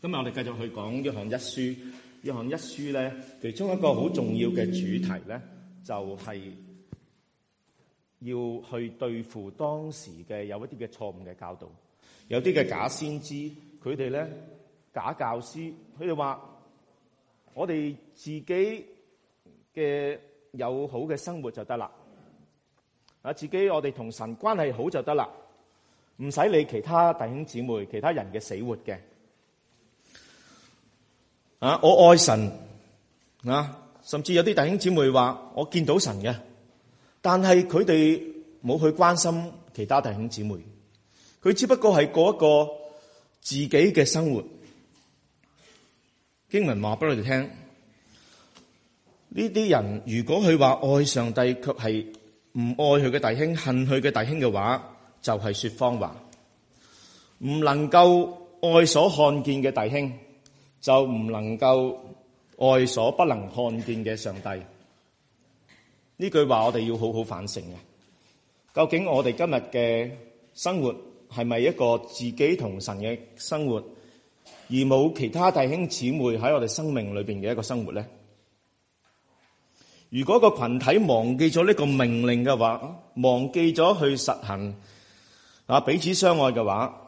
今日我哋繼續去講《約翰一書》。《約翰一書》咧，其中一個好重要嘅主題咧，就係要去對付當時嘅有一啲嘅錯誤嘅教導，有啲嘅假先知，佢哋咧假教師，佢哋話我哋自己嘅有好嘅生活就得啦。啊，自己我哋同神關係好就得啦，唔使理其他弟兄姊妹、其他人嘅死活嘅。啊！我愛神啊！甚至有啲弟兄姊妹話我見到神嘅，但係佢哋冇去關心其他弟兄姊妹，佢只不過係過一個自己嘅生活。經文話俾我哋聽：呢啲人如果佢話愛上帝，卻係唔愛佢嘅弟兄，恨佢嘅弟兄嘅話，就係說謊話，唔能夠愛所看見嘅弟兄。就唔能夠愛所不能看見嘅上帝。呢句話我哋要好好反省嘅。究竟我哋今日嘅生活係咪一個自己同神嘅生活，而冇其他弟兄姊妹喺我哋生命裏面嘅一個生活咧？如果個群體忘記咗呢個命令嘅話，忘記咗去實行啊彼此相愛嘅話。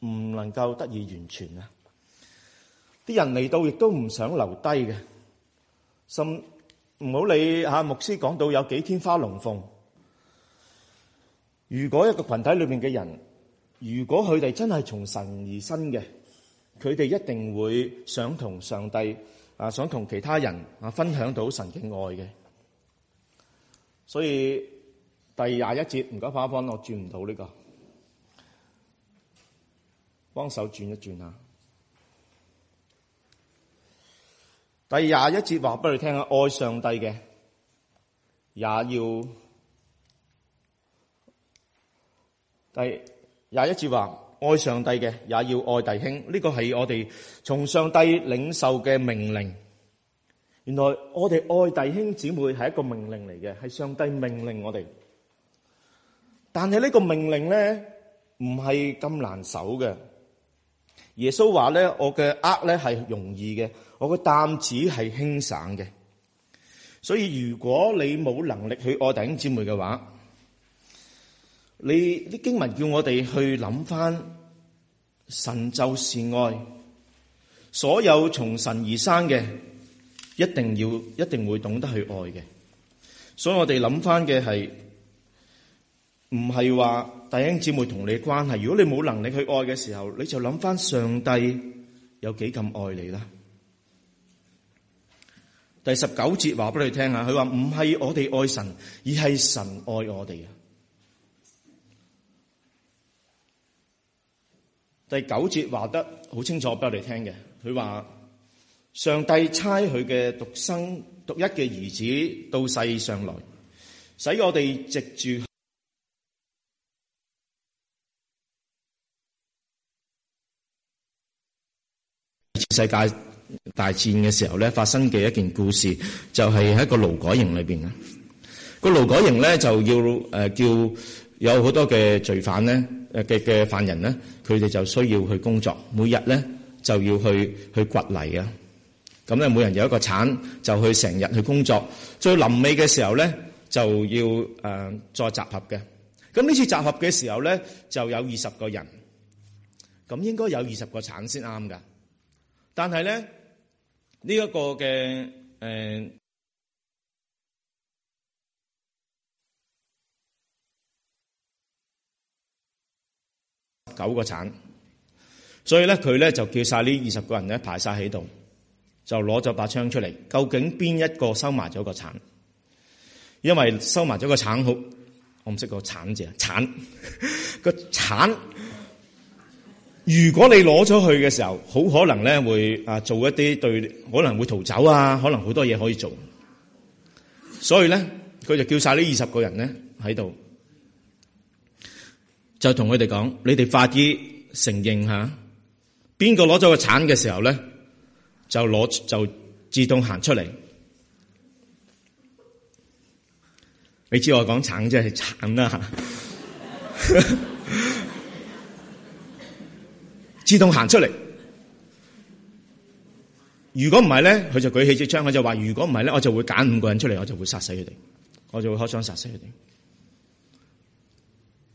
唔能夠得以完全啊！啲人嚟到亦都唔想留低嘅，甚唔好理牧師講到有幾天花龍鳳。如果一個群體裏面嘅人，如果佢哋真係從神而生嘅，佢哋一定會想同上帝啊，想同其他人啊分享到神嘅愛嘅。所以第廿一節唔該翻翻，我轉唔到呢個。幫手轉一轉啊！第廿一節話俾你聽啊，愛上帝嘅也要第廿一節話，愛上帝嘅也要愛弟兄。呢個係我哋從上帝領受嘅命令。原來我哋愛弟兄姊妹係一個命令嚟嘅，係上帝命令我哋。但係呢個命令咧，唔係咁難守嘅。耶穌話呢，我嘅軛呢，係容易嘅，我個擔子係輕省嘅。所以如果你冇能力去愛弟兄姐妹嘅話，你啲經文叫我哋去諗返神就是愛，所有從神而生嘅，一定要，一定會懂得去愛嘅。所以我哋諗返嘅係，唔係話弟兄姊妹同你嘅關係，如果你冇能力去愛嘅時候，你就諗翻上帝有幾咁愛你啦。第十九節話俾你聽啊，佢話唔係我哋愛神，而係神愛我哋啊。第九節話得好清楚告，俾我哋聽嘅，佢話上帝差佢嘅獨生獨一嘅兒子到世上來，使我哋藉住。世界大戰嘅時候咧，發生嘅一件故事就係、是、喺個勞改營裏面。啦、那、個勞改營咧就要、呃、叫有好多嘅罪犯咧嘅嘅犯人咧，佢哋就需要去工作，每日咧就要去去掘泥啊。咁咧，每人有一個鏟，就去成日去工作。最臨尾嘅時候咧，就要、呃、再集合嘅。咁呢次集合嘅時候咧，就有二十個人，咁應該有二十個鏟先啱噶。但係咧，呢、這、一個嘅誒、呃、九個鏟，所以咧佢咧就叫晒呢二十個人咧排晒喺度，就攞咗把槍出嚟。究竟邊一個收埋咗個鏟？因為收埋咗個鏟好，我唔識個鏟字啊，鏟個鏟。呵呵如果你攞咗去嘅時候，好可能咧會啊做一啲對，可能會逃走啊，可能好多嘢可以做。所以咧，佢就叫晒呢二十個人咧喺度，就同佢哋講：你哋快啲承認吓，邊個攞咗個鏟嘅時候咧，就攞就自動行出嚟，你知我講鏟即係鏟啦。 自動行出嚟。如果唔係咧，佢就舉起支槍，佢就話如果唔係咧，我就會揀五個人出嚟，我就會殺死佢哋，我就會開槍殺死佢哋。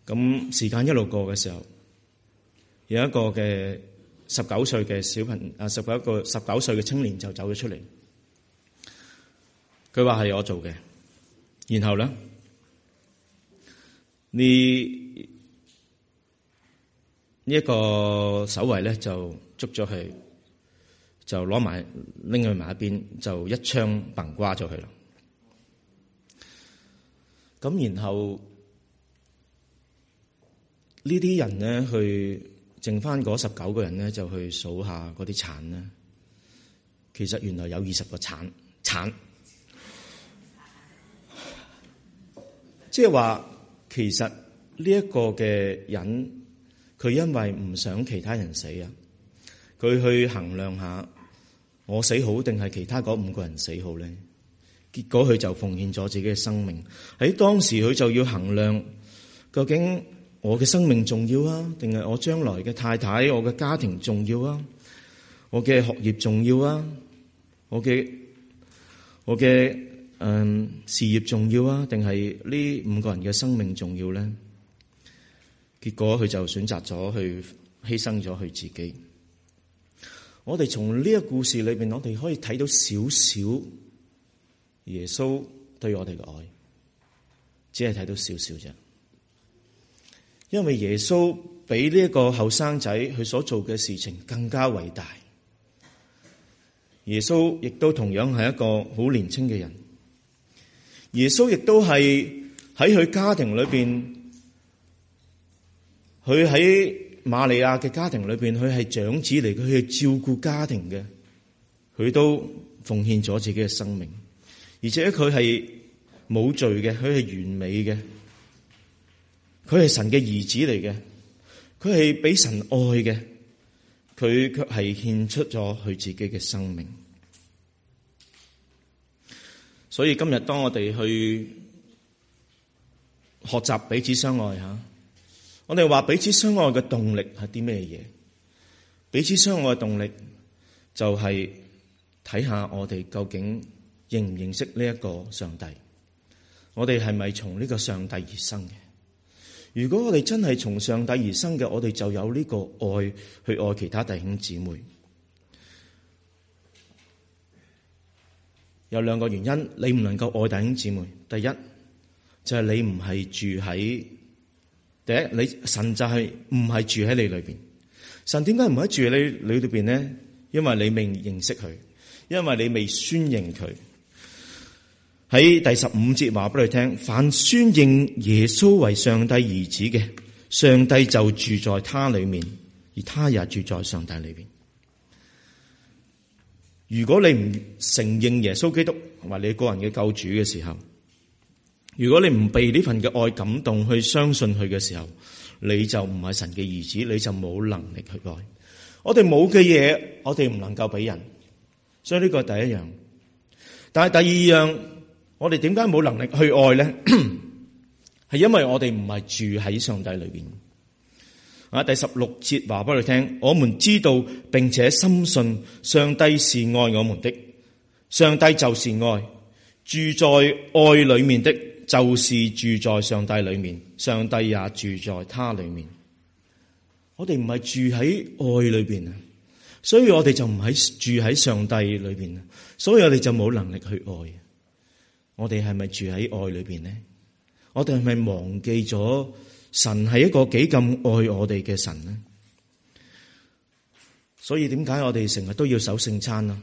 咁時間一路過嘅時候，有一個嘅十九歲嘅小朋啊，十九個十九歲嘅青年就走咗出嚟。佢話係我做嘅，然後咧，呢。這個手呢，一個守衛咧就捉咗佢，就攞埋拎去埋一邊，就一槍崩瓜咗佢啦。咁然後呢啲人咧，去剩翻嗰十九個人咧就去數下嗰啲鏟呢，其實原來有二十個鏟，鏟，即係話其實呢一個嘅人。佢因為唔想其他人死啊，佢去衡量下，我死好定係其他嗰五個人死好咧？結果佢就奉獻咗自己嘅生命。喺當時佢就要衡量，究竟我嘅生命重要啊，定係我將來嘅太太、我嘅家庭重要啊，我嘅學業重要啊，我嘅我嘅嗯、呃、事業重要啊，定係呢五個人嘅生命重要咧？結果佢就選擇咗去犧牲咗佢自己。我哋從呢個故事裏邊，我哋可以睇到少少耶穌對我哋嘅愛，只係睇到少少啫。因為耶穌比呢一個後生仔佢所做嘅事情更加偉大。耶穌亦都同樣係一個好年輕嘅人。耶穌亦都係喺佢家庭裏邊。佢喺瑪利亞嘅家庭裏邊，佢係長子嚟，佢係照顧家庭嘅，佢都奉獻咗自己嘅生命。而且佢係冇罪嘅，佢係完美嘅，佢係神嘅兒子嚟嘅，佢係俾神愛嘅，佢卻係獻出咗佢自己嘅生命。所以今日當我哋去學習彼此相愛吓。我哋話彼此相愛嘅動力係啲咩嘢？彼此相愛嘅動力就係睇下我哋究竟認唔認識呢一個上帝。我哋係咪從呢個上帝而生嘅？如果我哋真係從上帝而生嘅，我哋就有呢個愛去愛其他弟兄姊妹。有兩個原因，你唔能夠愛弟兄姊妹。第一，就係你唔係住喺。第一，你神就係唔係住喺你裏邊。神點解唔喺住在你裏邊呢？因為你未認識佢，因為你未宣認佢。喺第十五節話俾你聽，凡宣認耶穌為上帝兒子嘅，上帝就住在他裏面，而他也住在上帝裏邊。如果你唔承認耶穌基督同埋你個人嘅救主嘅時候，如果你唔被呢份嘅愛感動去相信佢嘅時候，你就唔係神嘅兒子，你就冇能力去愛。我哋冇嘅嘢，我哋唔能夠俾人。所以呢個係第一樣。但係第二樣，我哋點解冇能力去愛咧？係因為我哋唔係住喺上帝裏邊。啊，第十六節話俾你聽，我們知道並且深信上帝是愛我們的，上帝就是愛，住在愛裏面的。就是住在上帝裏面，上帝也住在他裏面。我哋唔係住喺愛裏邊啊，所以我哋就唔喺住喺上帝裏邊啊，所以我哋就冇能力去愛。我哋係咪住喺愛裏邊呢？我哋係咪忘記咗神係一個幾咁愛我哋嘅神呢？所以點解我哋成日都要守聖餐啊？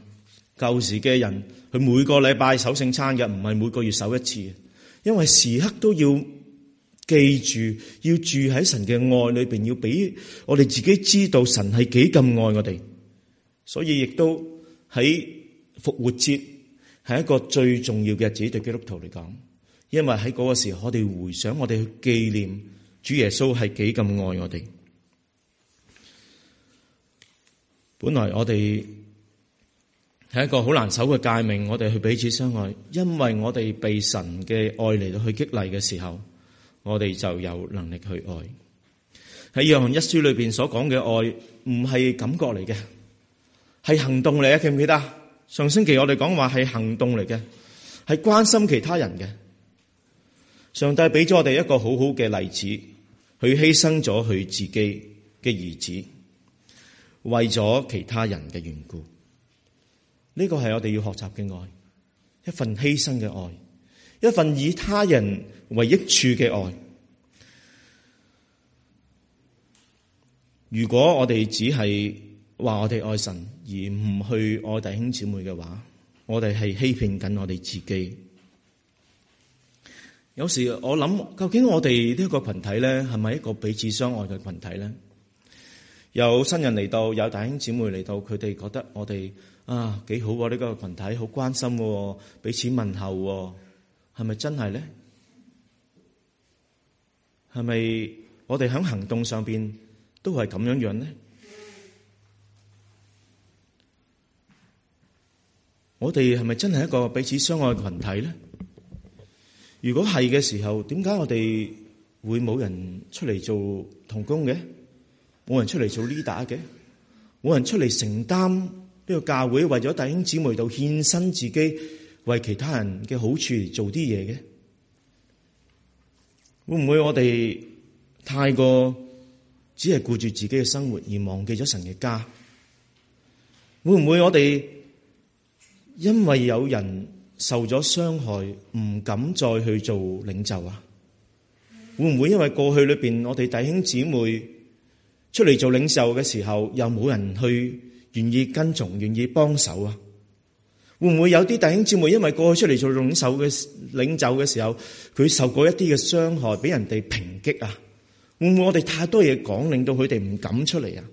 舊時嘅人佢每個禮拜守聖餐嘅，唔係每個月守一次。因為時刻都要記住要住喺神嘅愛裏邊，要俾我哋自己知道神係幾咁愛我哋，所以亦都喺復活節係一個最重要嘅日子對基督徒嚟講。因為喺嗰個時候，我哋回想我哋去紀念主耶穌係幾咁愛我哋。本來我哋，係一個好難守嘅誡命，我哋去彼此相愛，因為我哋被神嘅愛嚟到去激勵嘅時候，我哋就有能力去愛。喺約翰一書裏邊所講嘅愛，唔係感覺嚟嘅，係行動嚟啊！記唔記得？上星期我哋講話係行動嚟嘅，係關心其他人嘅。上帝俾咗我哋一個好好嘅例子，佢犧牲咗佢自己嘅兒子，為咗其他人嘅緣故。呢個係我哋要學習嘅愛，一份犧牲嘅愛，一份以他人為益處嘅愛。如果我哋只係話我哋愛神，而唔去愛弟兄姊妹嘅話，我哋係欺騙緊我哋自己。有時我諗，究竟我哋呢一個群體咧，係咪一個彼此相愛嘅群體咧？有新人嚟到，有弟兄姊妹嚟到，佢哋覺得我哋。啊，幾好喎！呢、這個群體好關心、喎，彼此問候、喎，係咪真係咧？係咪我哋喺行動上邊都係咁樣樣呢？我哋係咪真係一個彼此相愛嘅群體咧？如果係嘅時候，點解我哋會冇人出嚟做同工嘅？冇人出嚟做 leader 嘅？冇人出嚟承擔？呢個教會為咗弟兄姊妹度獻身自己，為其他人嘅好處做啲嘢嘅，會唔會我哋太過只係顧住自己嘅生活而忘記咗神嘅家？會唔會我哋因為有人受咗傷害，唔敢再去做領袖啊？會唔會因為過去裏邊我哋弟兄姊妹出嚟做領袖嘅時候，又冇人去？願意跟從、願意幫手啊？會唔會有啲弟兄姊妹因為過去出嚟做領袖嘅領嘅時候，佢受過一啲嘅傷害，俾人哋抨擊啊？會唔會我哋太多嘢講，令到佢哋唔敢出嚟啊？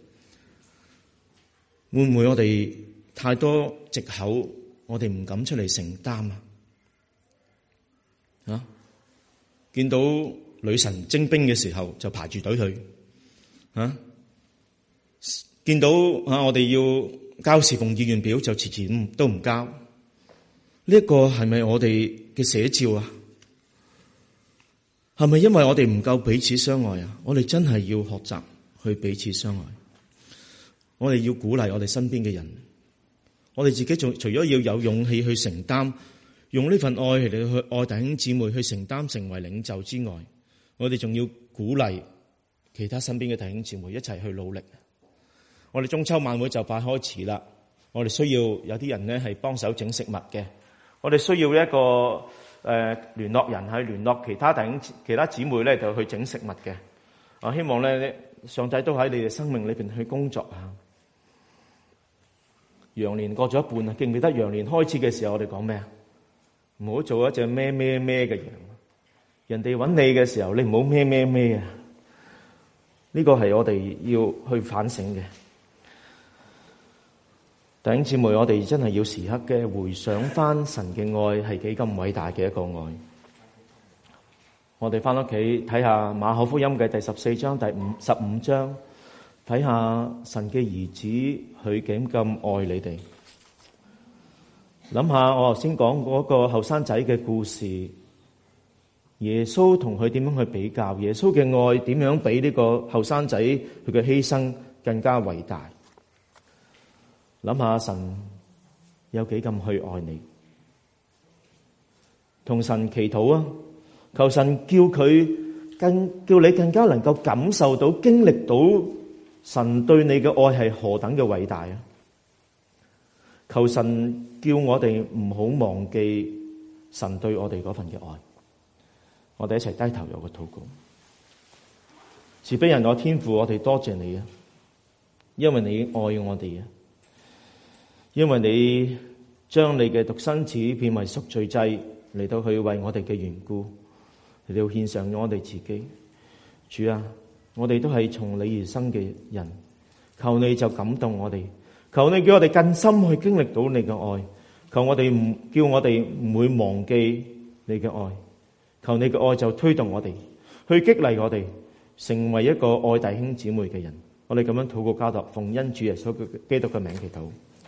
會唔會我哋太多藉口，我哋唔敢出嚟承擔啊？見、啊、見到女神徵兵嘅時候，就排住隊去？見到啊，我哋要交時奉意願表，就遲遲都都唔交。呢一個係咪我哋嘅寫照啊？係咪因為我哋唔夠彼此相愛啊？我哋真係要學習去彼此相愛。我哋要鼓勵我哋身邊嘅人。我哋自己仲除咗要有勇氣去承擔，用呢份愛嚟去愛弟兄姊妹，去承擔成為領袖之外，我哋仲要鼓勵其他身邊嘅弟兄姊妹一齊去努力。我哋中秋晚會就快開始啦，我哋需要有啲人咧係幫手整食物嘅，我哋需要一個誒、呃、聯絡人去聯絡其他頂其他姊妹咧，就去整食物嘅。啊，希望咧上帝都喺你哋生命裏邊去工作啊！羊年過咗一半啊，記唔記得羊年開始嘅時候我哋講咩啊？唔好做一隻咩咩咩嘅羊，人哋揾你嘅時候你唔好咩咩咩啊！呢、呢個係我哋要去反省嘅。弟兄姊妹，我哋真係要時刻嘅回想翻神嘅愛係幾咁偉大嘅一個愛。我哋翻屋企睇下馬可福音嘅第十四章、第五十五章，睇下神嘅兒子佢點咁愛你哋。諗下我頭先講嗰個後生仔嘅故事，耶穌同佢點樣去比較？耶穌嘅愛點樣比呢個後生仔佢嘅犧牲更加偉大？諗下神有幾咁去愛你，同神祈禱啊！求神叫佢更叫你更加能夠感受到、經歷到神對你嘅愛係何等嘅偉大啊！求神叫我哋唔好忘記神對我哋嗰份嘅愛，我哋一齊低頭有個禱告。慈悲人我天父，我哋多謝你啊！因為你愛我哋啊！因為你將你嘅獨生子變為贖罪祭嚟到去為我哋嘅緣故嚟到獻上咗我哋自己，主啊，我哋都係從你而生嘅人，求你就感動我哋，求你叫我哋更深去經歷到你嘅愛，求我哋唔叫我哋唔會忘記你嘅愛，求你嘅愛就推動我哋去激勵我哋成為一個愛弟兄姊妹嘅人。我哋咁樣禱告交託，奉恩主耶穌基督嘅名祈禱。